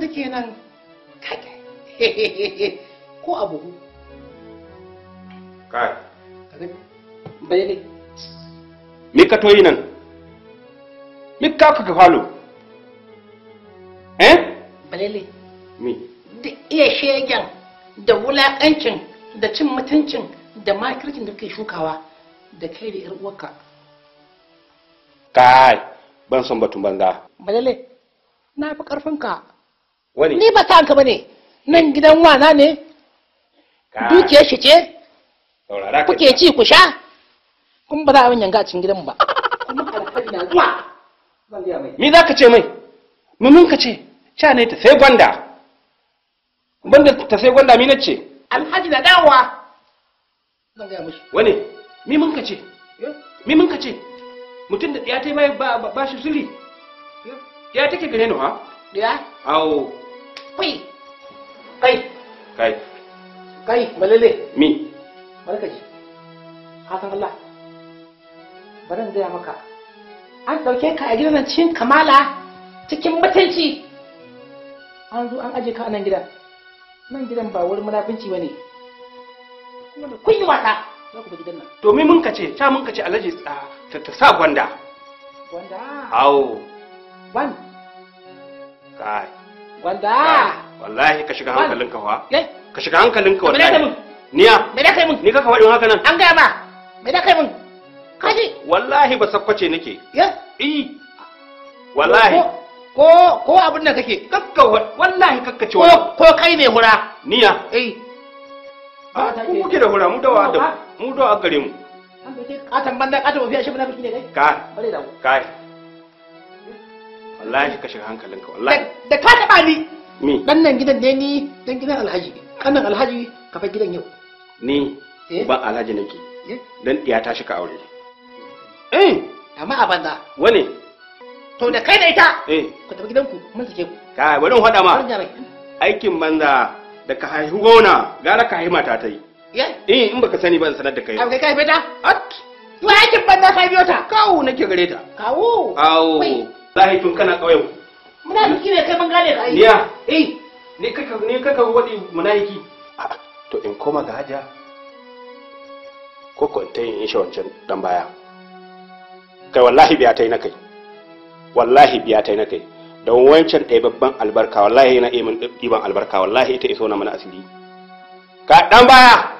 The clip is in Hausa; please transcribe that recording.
da ke kake ko abu kai bai ne me ka toyi nan me ka ka falo eh balele me da iya shegen da wulakancin da cin mutuncin da makircin da kake shukawa da kai da yar uwarka kai ban son batun banza balele na fi karfinka wani ni ba kanka bane nan gidan wana ne dukiyar shi ce kuke ci ku sha kun ba za a yanga a cikin gidan ba mi za ka ce mai mumin ka ce sha ne ta sai gwanda banda ta sai gwanda mi na ce alhaji na dawowa wani mi mun ka ce mi mun ka ce mutum da ya ta yi ba shi zuri ya take gare ni ha ya awo kai kai kai kai malele mi ji. hasan Allah baran zaya maka an dauke ka a gidan cin kamala cikin mutunci an zo an aje ka a nan gidan nan gidan ba wurin munafinci bane kuma da kun yi wasa za ku bi gidan nan domin mun kace ta mun kace alaji ta sa gwanda gwanda awo ban kai wanda wallahi ka shiga hankalinka fa ka shiga hankalinka wallahi niya me da kai mun ni ka faɗin haka nan an gaya ba me da kai mun kaji wallahi ba sakkwace nake ya eh wallahi ko ko abin da kake kakka wallahi kakka ce ko ko kai ne hura niya eh Ba ah, a ku kuke da hura mu dawa da wa mu da gare mu Ka bai ka banda katan ba fiye shi ba na biki ne kai ka bare da Ka. wallahi ka shiga hankalinka wallahi da ka taba ni ni dan nan gidan ne ni dan gidan alhaji kanan alhaji ka fa gidan yau ni eh? ba alhaji nake eh? dan diya ta shi ka aure eh amma a banza wani to da kai da ita eh ku tafi gidanku mun sake ku kai bari in faɗa ma aikin banza da ka haihu gona gara ka haihu mata ta yi eh in baka sani ban sanar da kai kai kai beta at to aikin banza ka biyo ta kawo nake gare ta kawo kawo zahi tun kana ƙauyen muna biki ne kai ban gane ka ai eh ni kaka ni kaka wadi munafiki to in koma ga haja ko ko ta yin isha wancan dan baya kai wallahi biya ta yi na kai wallahi biya ta yi na kai Da wancan ɗaya babban albarka wallahi na ɗiban albarka wallahi ita iso na mana asiri ka dan baya